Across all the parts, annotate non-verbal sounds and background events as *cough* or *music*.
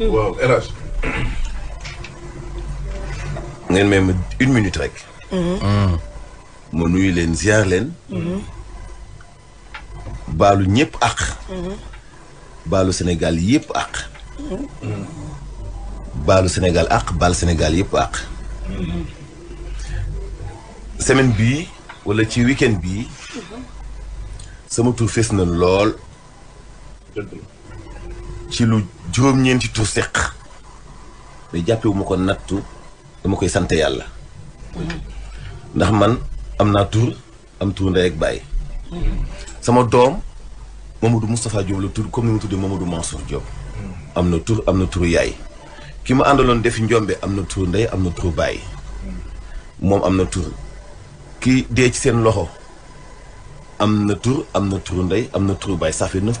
waaw hélas Hadj. une minute rek. Mm-hmm. ma nuyu leen ziar leen. Mm-hmm. baalu ak. àq. Mm-hmm. baalu Sénégal yëpp àq. baalu Sénégal ak. baal Sénégal yëpp àq. semaine bii wala ci weekend bii. sama tur fees na lool. ci lu juróom-ñeenti tu seq mais jàppewu ma ko nattu dama koy sant yàlla ndax man am naa tur am tur ndey ak bàyyi sama doom du Moustapha Diop la tur comme ni ma tuddee Mamadou Mansour Diop am na tur am na turu yaay ma àndaloon defi njombe am na tur ndey am na turu bàyyi moom am na tur ki dee ci seen loxo am na tur am na turu ndey am na tur bàyyi ça fait neuf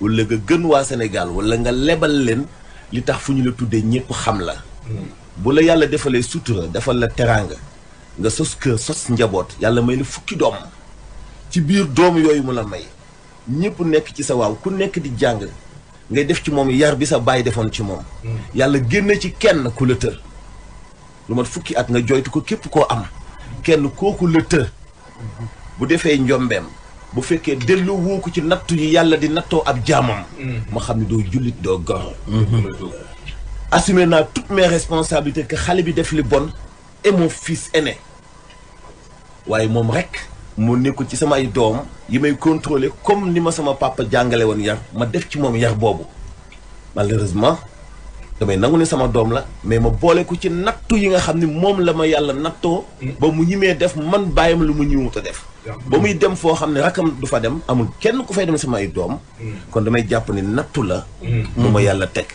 wala nga gën waa Sénégal walla nga lebal leen li tax fu ñu la tuddee ñëpp xam la. Hmm. bu la yàlla defalee sutura defal la teraanga nga sos kër sos njaboot yàlla may la fukki doom ci biir doom yooyu mu la may ñëpp nekk ci sa waaw ku nekk di jàng ngay def ci moom yar bi sa baay defoon ci moom. Hmm. yàlla génne ci kenn ku la të. lu mat fukki at nga joytu ko képp koo am. kenn kooku la të. bu defee njombeem. bu fekkee que woo ko ci nattu yi yàlla di nattoo ab jaamam. Mm. ma xam ne doo jullit gor. Mm-hmm. Mm-hmm. assumé toutes mes responsabilités que xale bi def li bon et mon fils aîné waaye moom rek nekkul ci samay doom contrôler comme ni sama papa jàngale yar ma def ci malheureusement damay nangu ne sama dom la mais ma bolé ko ci natou yi nga xamni mom la ma yalla natto ba mu ñimé def man bayam lu mu ñëwut a def. ba muy dem fo xamni ne rakam du fa dem. amul kenn ku fay dem sama ay doom. kon damay japp ni natou la. mu ma yàlla teg.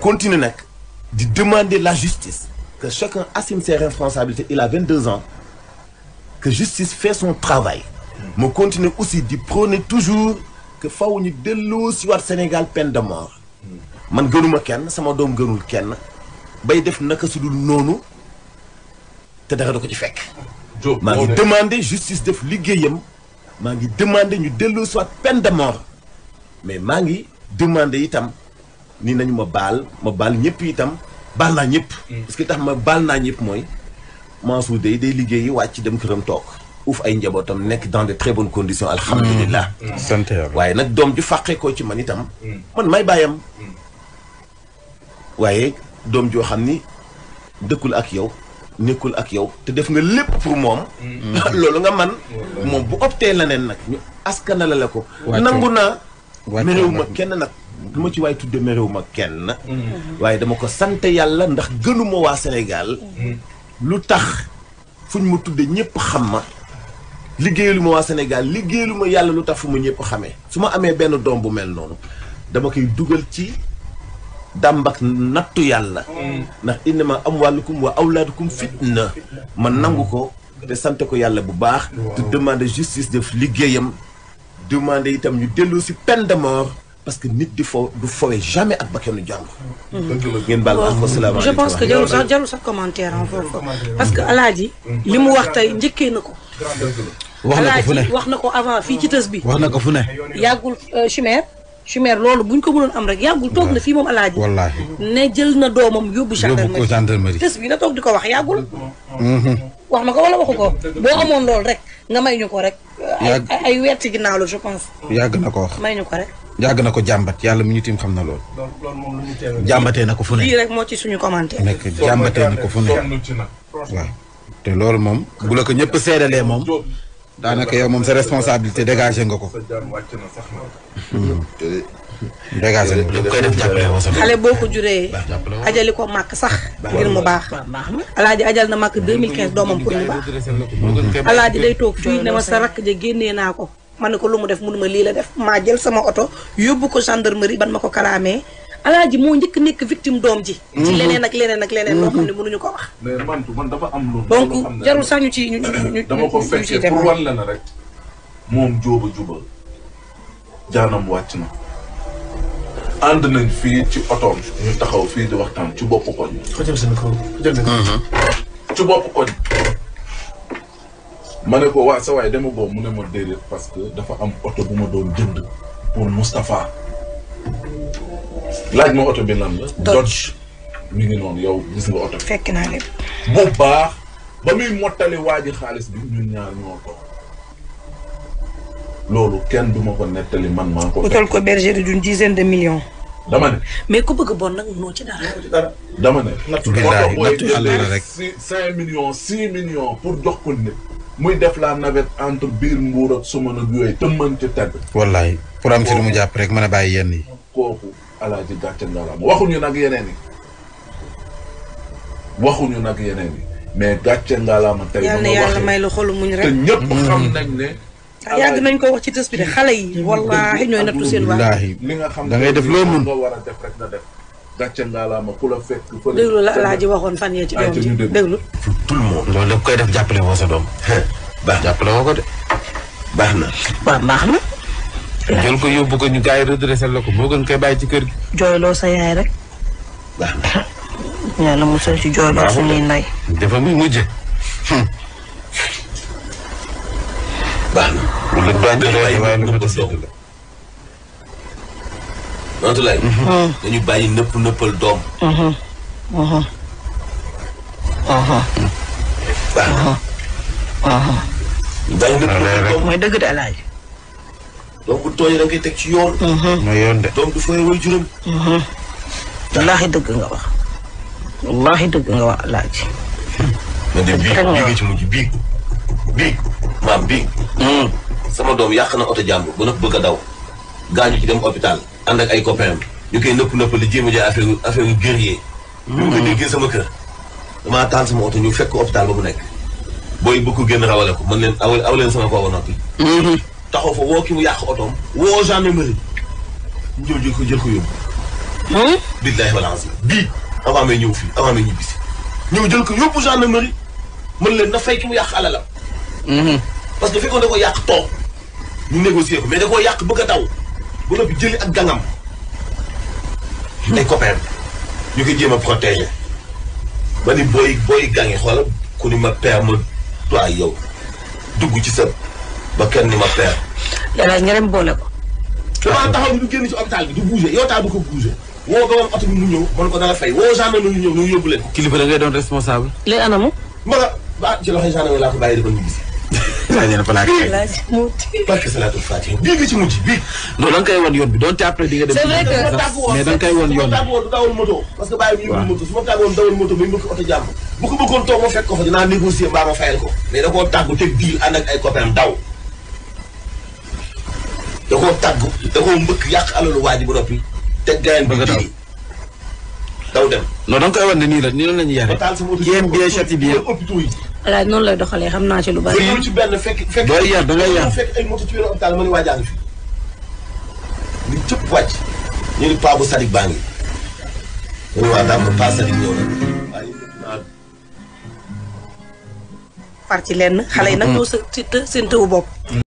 continuer nak di demander la justice. que chacun assume ses responsabilités il a 22 ans. que justice fait son travail. mo continuer aussi di prôner toujours que faw ñu delloo ci waat Sénégal peine de mort man gënuma kenn sama doom gënul kenn bay def naka su dul té te dara du ko ci fekk. ma ngi demander justice def liggéeyam ma ngi demander ñu delloo soit peine de mort mais ma ngi demander itam ni nañu ma baal ma baal ñëpp itam baal naa ñëpp. Mm. parce que tax ma baal naa ñëpp mooy Mansour day day liggéeyi wàcc dem këram toog. uuf ay njabootam nekk dans de très bonnes conditions. Mm. alhamdulilah mm. sant waaye nag doom ju fàqee ko ci man itam. man may bàyyam. waaye doom joo xam ni dëkkul ak yow nekkul ak yow te def nga lépp pour moom. Mm-hmm. *laughs* loolu nga man mm-hmm. moom bu optee leneen nag ñu askanale la ko. nangu naa. merew ma kenn nag. lu ma ci waay tudde merew ma kenn. Mm-hmm. waaye dama ko sante yàlla ndax gënuma waa Sénégal. lu tax fuñ ma tudde ñëpp xam ma. liggéeyalu ma waa Sénégal liggéeyalu ma yàlla lu tax fu ma ñëpp xamee. su ma amee benn doom bu mel noonu dama koy dugal ci. dàmbak nattu yàlla ndax innama amwalukum wa awladukum fitna man nangu ko te sant ko yalla bu baax te demander justice de liggéeyam demander itam ñu dellu ci peine de mort parce que nit di fo du fowee jamais ak bakkanu jàmbur. Mhm. je pense que jarul sax jarul sax commentaire en hein, foofu parce que alaaji mhm. li mu wax tay njëkkee nako ko. wax na avant fi ci teus bi. wax na ko fu ne. yàggul euh, chimère. chumère loolu buñ ko mënoon am rek yàggul toog na fii moom alaaji jël na doomam yóbbu gendarmerie tës bi na toog di ko wax yàggul mhm. wax na ko wala waxu ko boo amoon loolu rek nga may ñu ko rek ay weer ci ginnaaw la je pense yàgg na ko wax may ñu ko na ko jàmbat yàlla mi ñu xam na loolu jàmbatee na ko fu ne lii rek moo ci suñu commentaire nekk jàmbatee na ko fu ne waaw te loolu moom bu la ko ñëpp seedalee moom daanaka yow moom sa responsabilité dégagé nga ko. Hmm. dégagé nga ko koy def jàppale woon xale boo ko juree. ajali ko màkk sax. ngir mu baax. alaaji ajal na màkk 2015 doomam pour mu baax. alaaji day toog fii ne ma sa rakk ja génnee naa ko. ma ne ko lu mu def mënuma lii la def maa jël sama oto yóbbu ko gendarmerie ban ma ko kalaamee. alaaji moo njëkk nekk victime doom ji. ci mhm. leneen ak leneen ak leneen. loo xam mhm. ko wax. mais man man dafa am loolu. donc jarul sax ñu ci ñu dama ko fekkee pour wan la na moom jóoba juba jaanam wàcc na. ànd fii ci otoom fii di waxtaan ci bopp koñ. Mhm. ci bopp koñ. ma ne ko waa sa waay dama mu ne ma déedéet parce que dafa am oto bu ma doom jënd pour Moustapha. laaj ma oto bi lan la. Dodge mi ngi noonu yow gis nga oto bi. fekk naa lépp. bu baax ba muy mottali waa xaalis bi ñun ñaar ñoo ko. loolu kenn du ma ko nettali man maa ko. utal ko bergerie d'une dizaine de millions. dama ne. mais ku bëgg bon nag mënoo ci dara. dama ne. nattu yàlla rek cinq millions pour jox ko nit. muy def la navette entre biir mbuur ak suma nag yooyu te mën ci teg. wallaay pour am si lu mu jàpp rek mën a bàyyi yenn yi. kooku. alaaji gàcce ngalaama waxuñu nag yeneen yi waxuñu nag yeneen yi mais gàcce ngalaama tey yal na yàlla may la xolu muñ rek te ñepp xam nañ ne ah, yàgg nañ ko wax ci tesbi de xalé yi wallaahi ñooy nattu seen wallahi li nga xam da ngay def lo mu wara def rek na def gàcce ngalaama ku la fekk fële deglu la alaaji waxon fan ye ci doom ji tout le monde lo lépp koy def jappelé wo sa doom ba jappelé wo ko de baxna ba baxna jël ko yóbbu ko ñu gars yi redressé la ko moo gën koy bàyyi ci kër gi. jooyloo sa yaay rek. waaw. yàlla musal ci jooyloo suñuy ndey. dafa muy mujj. baax na. lu doon jëlee waaye lu ko dese la. noonu laay. dañu bàyyi nëpp nëppal doom. waaw. bàyyi nëpp nëppal doom mooy dëgg de alaaji donc bu tooñee da teg ci yoon. mooy mhm. yoon de. donc du fooy way juróom. Mhm. wallaahi dëgg nga wax. wallaahi dëgg nga wax laaj. ma dem bii bii ci mujj bii bii maam bii. Mhm. sama doom yàq na oto jàmbur ba nëpp bëgg a daw gaañu ci dem hôpital ànd ak ay copains ñu koy nëpp nëpp li jéem a jël affaire affaire yu guerrier. ñu ngi sama kër. damaa taal sama oto ñu fekk hôpital ba mu nekk. booy bëgg génn rawale ko mën leen aw sama kaw ba noppi. taxaw fa woo ki mu yàq otoom woo gendarmerie ñu jël jël ko jël ko yóbbu. Ah billaahi wal azim bii avant may ñëw fii avant may ñibbisi ñëw jël ko yóbbu gendarmerie mën leen na fay ki mu yàq alalam. Mm-hmm. parce que fekkoon da ko yàq toog ñu négocier ko mais da koo yàq bëgg a daw ba noppi jëli ak gàngam. ne copains ñu koy jéem a protéger. ba ni booy booy gàngi xoolal ku ni ma perme toi yow dugg ci sa. ba kenn ni ma peer. léeg-léeg nga dem ko. damaa taxaw ni du kilifa da bii nga ci mujj bii. non da nga koy wan yoon bi doonte après di nga dem. c'est vrai bi. su ma tàggoon dawal moto. parce que bàyyi bi yóbbu moto su ma tàggoon dawal moto ba ñu bëgg oto jàmm. bu bëggoon toog ma fekk ko fa dinaa négocier mbaa ma fayal ko. mais da koo tàggu teg ànd ak ay copain daw da koo mbëkk yàq alalu waa ji bu noppi. teg gars yi bëgg daw dem. non da nga koy wan ne nii la nii la ñu yare. yéen bien chati bien. voilà noonu lay doxalee xam naa ci lu bari. ci benn fekk fekk. booy yar da ngay yar fekk ay moto ci weeru hôpital ma ni waa jàng fi. cëpp wàcc. ñu ni paa bu Sadik baa ngi. ñu waa daam paa Sadik ñëw na far ci lenn xale yi nag mm-hmm. ñoo sa seen tëwu bopp